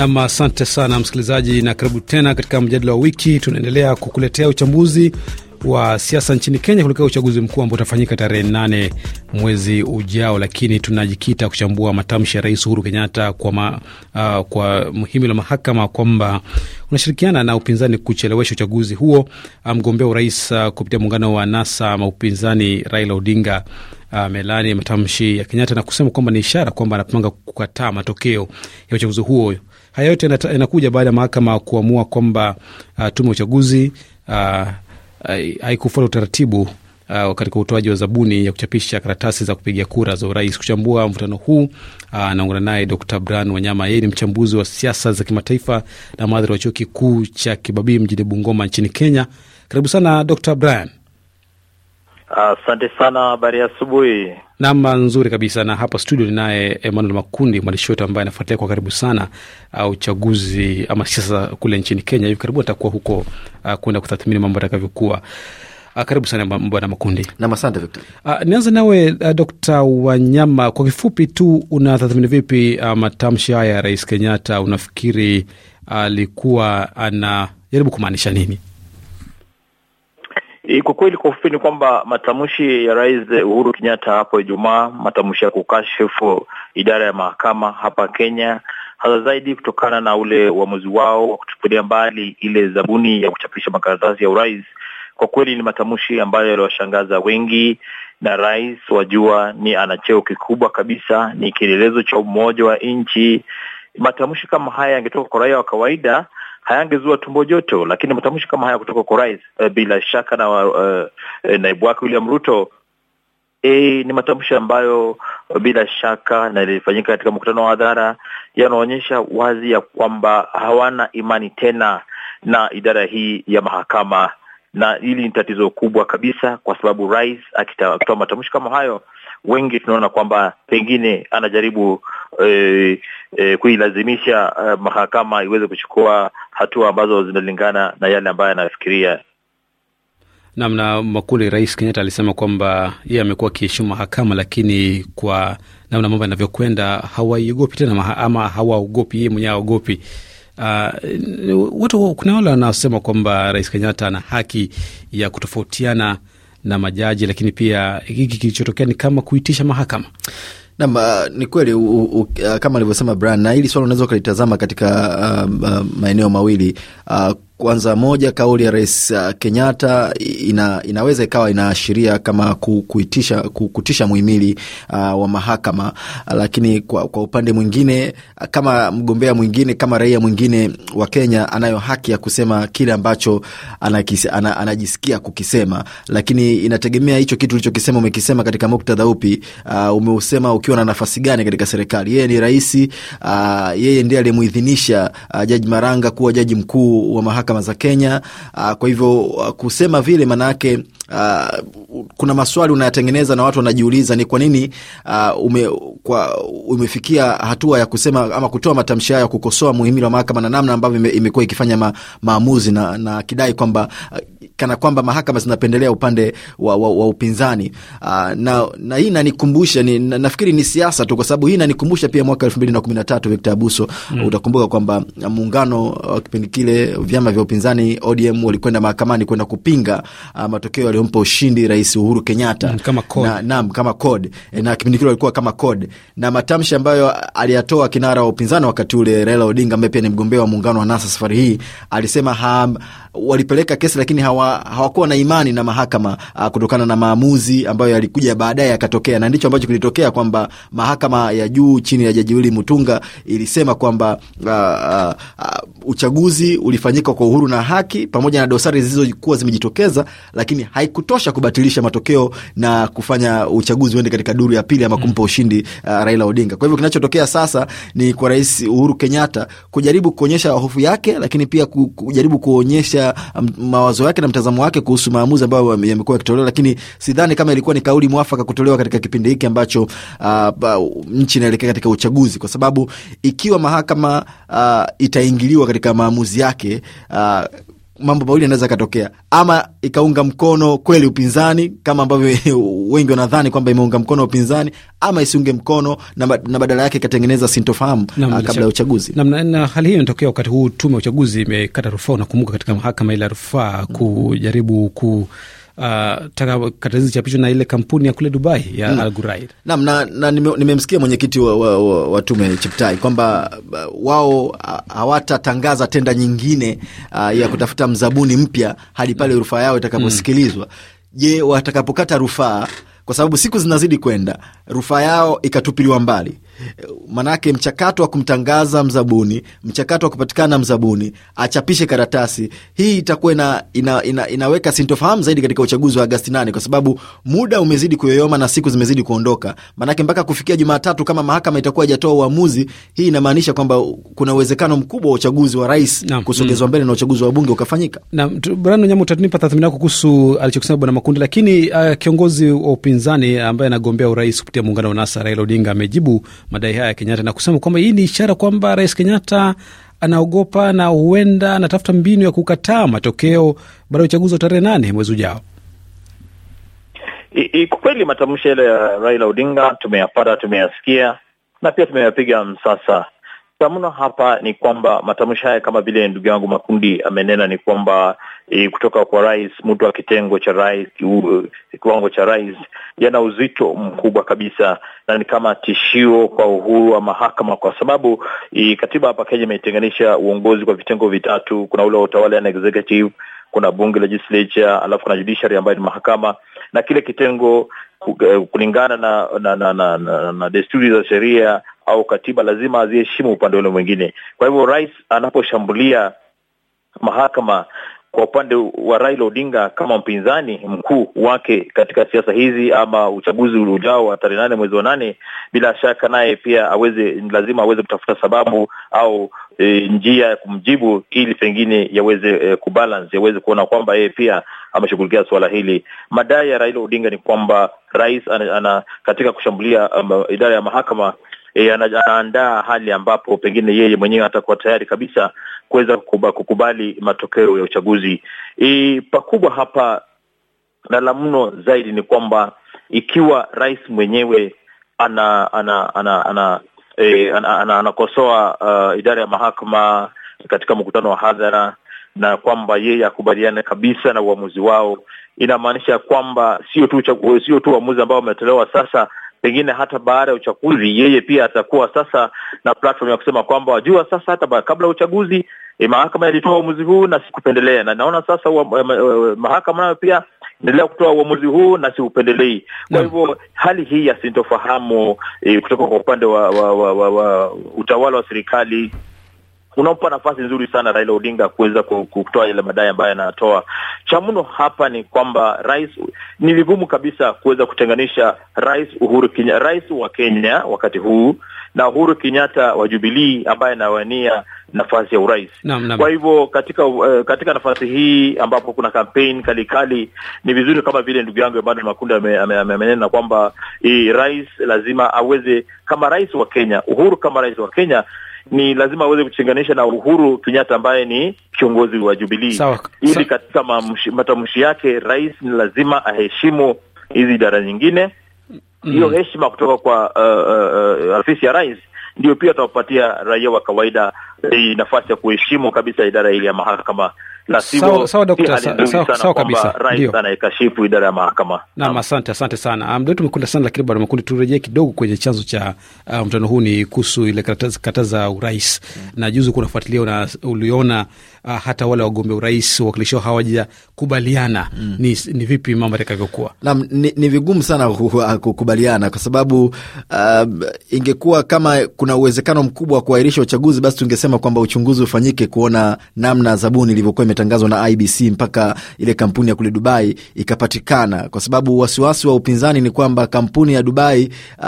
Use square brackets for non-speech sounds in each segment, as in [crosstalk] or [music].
Nam, asante sana msikilizaji, na karibu tena katika mjadala wa wiki. Tunaendelea kukuletea uchambuzi wa siasa nchini Kenya kuelekea uchaguzi mkuu ambao utafanyika tarehe nane mwezi ujao, lakini tunajikita kuchambua matamshi ya Rais Uhuru Kenyatta kwa, ma, uh, kwa muhimili wa mahakama kwamba unashirikiana na upinzani kuchelewesha uchaguzi huo. Uh, mgombea um, urais uh, kupitia muungano wa NASA ma upinzani Raila Odinga uh, amelani uh, matamshi ya Kenyatta na kusema kwamba ni ishara kwamba anapanga kukataa matokeo ya uchaguzi huo Haya yote yanakuja baada ya mahakama kuamua kwamba uh, tume ya uchaguzi uh, haikufuata utaratibu uh, katika utoaji wa zabuni ya kuchapisha karatasi za kupiga kura za urais. Kuchambua mvutano huu anaungana uh, naye Dr bran Wanyama. Yeye ni mchambuzi wa siasa za kimataifa na mhadhiri wa chuo kikuu cha Kibabii mjini Bungoma nchini Kenya. Karibu sana Dr bran Asante uh, sana. Habari ya asubuhi. Naam, nzuri kabisa. Na hapa studio ninaye Emmanuel Makundi, mwandishi wetu ambaye anafuatilia kwa karibu sana uh, uchaguzi ama siasa kule nchini Kenya. Hivi karibuni atakuwa huko uh, kwenda kutathmini mambo atakavyokuwa Uh, karibu sana bwana Makundi. Nam, asante Victor. Uh, nianze nawe uh, Dkt. Wanyama, kwa kifupi tu, unatathmini vipi uh, matamshi haya ya Rais Kenyatta? Unafikiri uh, alikuwa uh, anajaribu kumaanisha nini? Kwa kweli, kwa ufupi ni kwamba matamshi ya Rais Uhuru Kenyatta hapo Ijumaa, matamshi ya kukashifu idara ya mahakama hapa Kenya, hasa zaidi kutokana na ule uamuzi wao wa kutupilia mbali ile zabuni ya kuchapisha makaratasi ya urais, kwa kweli ni matamshi ambayo yaliwashangaza wengi, na rais wajua, ni ana cheo kikubwa kabisa, ni kielelezo cha umoja wa nchi. Matamshi kama haya yangetoka kwa raia wa kawaida hayangezua tumbo joto, lakini matamshi kama haya kutoka kwa rais uh, bila shaka na uh, naibu wake William Ruto E, ni matamshi ambayo bila shaka na ilifanyika katika mkutano wa hadhara, yanaonyesha wazi ya kwamba hawana imani tena na idara hii ya mahakama, na hili ni tatizo kubwa kabisa, kwa sababu rais akitoa matamshi kama hayo wengi tunaona kwamba pengine anajaribu e, e, kuilazimisha e, mahakama iweze kuchukua hatua ambazo zinalingana na yale ambayo anafikiria. Naam, na Rais Kenyatta alisema kwamba yeye amekuwa akiheshimu mahakama, lakini kwa namna mambo yanavyokwenda hawaiogopi tena, ama hawaogopi, yeye mwenyewe aogopi Uh, ah, watu kuna wale wanaosema kwamba Rais Kenyatta ana haki ya kutofautiana na majaji, lakini pia hiki kilichotokea ni kama kuitisha mahakama. Nam, ah, ni kweli ah, kama alivyosema Brian, na hili swala unaweza ukalitazama katika uh, uh, maeneo mawili uh, kwanza, moja, kauli ya Rais uh, Kenyatta ina, inaweza ikawa inaashiria kama kuitisha, kutisha muhimili uh, wa mahakama, lakini kwa, kwa upande mwingine kama mgombea mwingine kama raia mwingine wa Kenya anayo haki ya kusema kile ambacho anakis, ana, anajisikia kukisema, lakini inategemea hicho kitu ulichokisema umekisema katika muktadha upi? Uh, umeusema ukiwa na nafasi gani katika serikali? Yeye ni rais uh, yeye ndiye aliyemuidhinisha uh, Jaji Maranga kuwa jaji mkuu wa mahakama mahakama za Kenya. Uh, kwa hivyo ah, kusema vile manake uh, kuna maswali unayatengeneza na watu wanajiuliza ni kwa nini uh, ume, kwa, umefikia hatua ya kusema ama kutoa matamshi hayo ya kukosoa muhimili wa mahakama na namna ambavyo imekuwa ikifanya ma, maamuzi na, na kidai kwamba uh, kana kwamba mahakama zinapendelea upande wa, wa, wa upinzani uh, na, na hii inanikumbusha ni, na, nafikiri ni siasa tu, kwa sababu hii inanikumbusha pia mwaka elfu mbili na kumi na tatu Victor Abuso mm. Utakumbuka kwamba muungano wa kipindi kile vyama vya upinzani ODM walikwenda mahakamani kwenda kupinga uh, matokeo yaliyompa ushindi Rais Uhuru Kenyatta mm, kama code. Na, naam, kama code e, eh, na kipindi kile walikuwa kama code na matamshi ambayo aliyatoa kinara wa upinzani wakati ule Raila Odinga ambaye pia ni mgombea wa muungano wa NASA safari hii alisema ha, walipeleka kesi lakini hawa hawakuwa na imani na mahakama uh, kutokana na maamuzi ambayo yalikuja baadaye yakatokea, na ndicho ambacho kilitokea kwamba mahakama ya juu chini ya Jaji Willy Mutunga ilisema kwamba uh, uh, uh, uchaguzi ulifanyika kwa uhuru na haki pamoja na dosari zilizokuwa zimejitokeza, lakini haikutosha kubatilisha matokeo na kufanya uchaguzi uende katika duru ya pili ama mm. kumpa ushindi uh, Raila Odinga. Kwa hivyo kinachotokea sasa ni kwa Rais Uhuru Kenyatta kujaribu kuonyesha hofu yake, lakini pia kujaribu kuonyesha mm, mawazo yake na mtazamo wake kuhusu maamuzi ambayo yamekuwa yakitolewa, lakini sidhani kama ilikuwa ni kauli mwafaka kutolewa katika kipindi hiki ambacho uh, nchi inaelekea katika uchaguzi, kwa sababu ikiwa mahakama uh, itaingiliwa katika maamuzi yake uh, mambo mawili yanaweza katokea, ama ikaunga mkono kweli upinzani kama ambavyo [laughs] wengi wanadhani kwamba imeunga mkono upinzani, ama isiunge mkono na, na badala yake ikatengeneza sintofahamu ah, kabla ya uchaguzi. Na hali hiyo inatokea wakati huu tume ya uchaguzi imekata rufaa, unakumbuka, katika mahakama ile ya rufaa kujaribu ku uh, katalizi chapishwa na ile kampuni ya kule Dubai ya mm. Al na, na nimemsikia nime mwenyekiti wa, wa, wa, wa tume Chiptai kwamba uh, wao uh, hawatatangaza tenda nyingine uh, ya kutafuta mzabuni mpya hadi pale mm. rufaa yao itakaposikilizwa. mm. Je, watakapokata rufaa, kwa sababu siku zinazidi kwenda, rufaa yao ikatupiliwa mbali Manake mchakato wa kumtangaza mzabuni, mchakato wa kupatikana mzabuni, achapishe karatasi hii, itakuwa ina, ina, ina, inaweka sintofahamu zaidi katika uchaguzi wa Agasti nane, kwa sababu muda umezidi kuyoyoma na siku zimezidi kuondoka. Manake mpaka kufikia Jumatatu, kama mahakama itakuwa ijatoa uamuzi, hii inamaanisha kwamba kuna uwezekano mkubwa wa uchaguzi wa rais mm. kusogezwa mbele na uchaguzi wa bunge ukafanyika. Naam, Bwana Nyama, utanipa tathmini yako kuhusu alichokisema Bwana Makundi. Lakini uh, kiongozi wa upinzani ambaye anagombea urais kupitia muungano wa NASA Raila Odinga amejibu madai haya ya Kenyatta na kusema kwamba hii ni ishara kwamba Rais Kenyatta anaogopa na huenda anatafuta mbinu ya kukataa matokeo baada ya uchaguzi wa tarehe nane mwezi ujao. Kwa kweli matamshi yale ya Raila Odinga tumeyapata, tumeyasikia na pia tumeyapiga msasa. Tamno hapa ni kwamba matamshi haya kama vile ndugu yangu Makundi amenena, ni kwamba e, kutoka kwa rais, mtu wa kitengo cha rais, e, kiwango cha rais, yana uzito mkubwa kabisa na ni kama tishio kwa uhuru wa mahakama, kwa sababu e, katiba hapa Kenya imetenganisha uongozi kwa vitengo vitatu. Kuna ule wa utawala yani executive, kuna bunge legislature, alafu kuna judiciary ambayo ni mahakama, na kile kitengo e, kulingana na na, na, na, na, na desturi za sheria au katiba lazima aziheshimu upande ule mwingine. Kwa hivyo rais anaposhambulia mahakama kwa upande wa Raila Odinga kama mpinzani mkuu wake katika siasa hizi ama uchaguzi ujao wa tarehe nane mwezi wa nane, bila shaka naye pia aweze, lazima aweze kutafuta sababu au e, njia ya kumjibu ili pengine yaweze e, kubalance, yaweze kuona kwamba yeye pia ameshughulikia suala hili. Madai ya Raila Odinga ni kwamba rais ana, ana katika kushambulia um, idara ya mahakama e, anaandaa hali ambapo pengine yeye mwenyewe atakuwa tayari kabisa kuweza kukubali matokeo ya uchaguzi. E, pakubwa hapa na la mno zaidi ni kwamba ikiwa rais mwenyewe ana ana eh, ana ana anakosoa uh, idara ya mahakama katika mkutano wa hadhara na kwamba yeye akubaliane kabisa na uamuzi wao, inamaanisha kwamba sio tu sio tu uamuzi ambao wametolewa sasa, pengine hata baada ya uchaguzi yeye pia atakuwa sasa na platform ya kusema kwamba wajua, sasa hata kabla ya uchaguzi eh, mahakama ilitoa uamuzi huu na sikupendelea, na naona sasa wa, eh, eh, eh, mahakama nayo pia endelea kutoa uamuzi huu na siupendelei. Kwa hivyo hali hii ya sintofahamu eh, kutoka kwa upande wa, wa, wa, wa, wa utawala wa serikali unampa nafasi nzuri sana Raila Odinga kuweza kutoa yale madai ambayo anatoa Cha mno hapa ni kwamba rais, ni vigumu kabisa kuweza kutenganisha rais Uhuru Kenya, rais wa Kenya wakati huu na Uhuru Kenyatta wa Jubilii ambaye anawania nafasi ya urais. Kwa hivyo katika uh, katika nafasi hii ambapo kuna kampen kalikali, ni vizuri kama vile ndugu yangu Emmanuel Makundi amenena ame, ame, kwamba rais lazima aweze kama rais wa Kenya, Uhuru kama rais wa Kenya ni lazima aweze kuchinganisha na Uhuru Kenyatta ambaye ni kiongozi wa Jubilee ili katika matamshi yake rais ni lazima aheshimu hizi idara nyingine. Hiyo mm. heshima kutoka kwa uh, uh, uh afisi ya rais ndio pia atawapatia raia wa kawaida hii nafasi ya kuheshimu kabisa idara ile ya mahakama sawa kabisa rais anaikashifu idara ya mahakama nam. asante asante sana ah, mdo wetu umekwenda sana lakini bwana makundi turejee kidogo kwenye chanzo cha uh, ah, mtano huu ni kuhusu ile kata za urais mm. na juzi kunafuatilia una, uliona uh, hata wale wagombea urais wawakilishao hawajakubaliana mm. ni, ni vipi mambo yatakavyokuwa Nam, ni, ni vigumu sana kukubaliana kwa sababu uh, ingekuwa kama kuna uwezekano mkubwa wa kuahirisha uchaguzi basi tungesema wanasema kwamba uchunguzi ufanyike kuona namna zabuni ilivyokuwa imetangazwa na IBC mpaka ile kampuni ya kule Dubai ikapatikana, kwa sababu wasiwasi wa upinzani ni kwamba kampuni ya Dubai uh,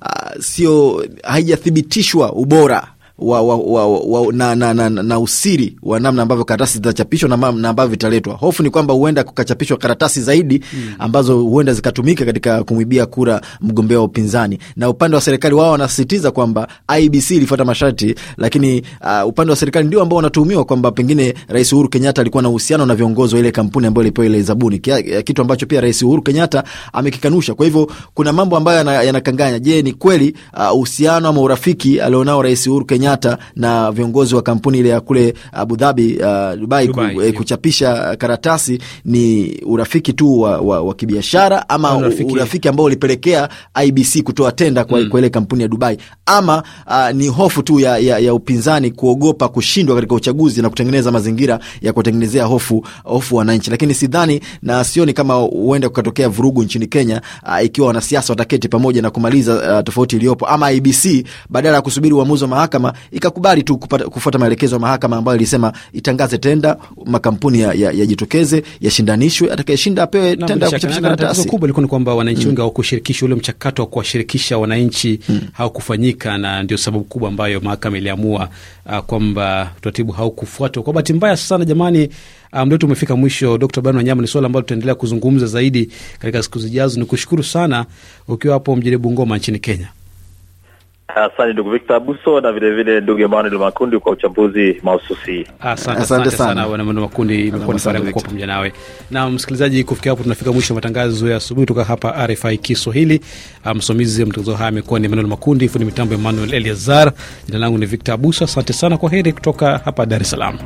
uh, sio haijathibitishwa ubora wa, wa, wa, wa, na, na, na, na usiri wa namna ambavyo karatasi zitachapishwa na, na ambavyo vitaletwa. Hofu ni kwamba huenda kukachapishwa karatasi zaidi hmm. ambazo huenda zikatumika katika kumwibia kura mgombea wa upinzani. Na upande wa serikali wao wanasisitiza kwamba IBC ilifuata masharti, lakini uh, upande wa serikali ndio ambao wanatuhumiwa kwamba pengine Rais Uhuru Kenyatta alikuwa na uhusiano na viongozi wa ile kampuni ambayo ilipewa ile zabuni, kitu ambacho pia Rais Uhuru Kenyatta amekikanusha. Kwa hivyo kuna mambo ambayo yanakanganya. Je, ni kweli uh, uhusiano ama urafiki alionao Rais Uhuru Kenyatta Kenyatta na viongozi wa kampuni ile ya kule uh, Abu Dhabi uh, Dubai, Dubai ku, eh, kuchapisha karatasi ni urafiki tu wa, wa, wa kibiashara ama urafiki, urafiki ambao ulipelekea IBC kutoa tenda kwa, mm. kwa ile kampuni ya Dubai ama uh, ni hofu tu ya, ya, ya upinzani kuogopa kushindwa katika uchaguzi na kutengeneza mazingira ya kuwatengenezea hofu, hofu wananchi, lakini sidhani na sioni kama huenda kukatokea vurugu nchini Kenya uh, ikiwa wanasiasa wataketi pamoja na kumaliza uh, tofauti iliyopo ama IBC badala ya kusubiri uamuzi wa mahakama ikakubali tu kupata, kufuata maelekezo ya mahakama ambayo ilisema itangaze tenda, makampuni yajitokeze ya, ya yashindanishwe, atakayeshinda apewe tenda ya kuchapisha karatasi. Tatizo kubwa ilikuwa ni kwamba wananchi mm. wengi mm. hawakushirikishwa, ule mchakato wa kuwashirikisha wananchi mm. haukufanyika, na ndio sababu kubwa ambayo mahakama iliamua uh, kwamba utaratibu haukufuatwa. Kwa bahati mbaya sana, jamani uh, Muda wetu umefika mwisho. Dkt Ban Wanyama, ni swala ambalo tutaendelea kuzungumza zaidi katika siku zijazo. Ni kushukuru sana ukiwa hapo mjini Bungoma nchini Kenya. Asante ndugu Victor Abuso na vilevile ndugu Emanuel Makundi kwa uchambuzi mahususi. Asante, asante sana bwana Emmanuel Makundi, imekuwa ni fahari kuwa pamoja nawe. Na msikilizaji, kufikia hapo tunafika mwisho wa matangazo ya asubuhi kutoka hapa RFI Kiswahili. Ah, msimamizi wa matangazo haya amekuwa ni Emanuel Makundi, fundi mitambo Emmanuel Eliazar. Jina langu ni Victor Abuso, asante sana, kwa heri kutoka hapa Dar es Salaam.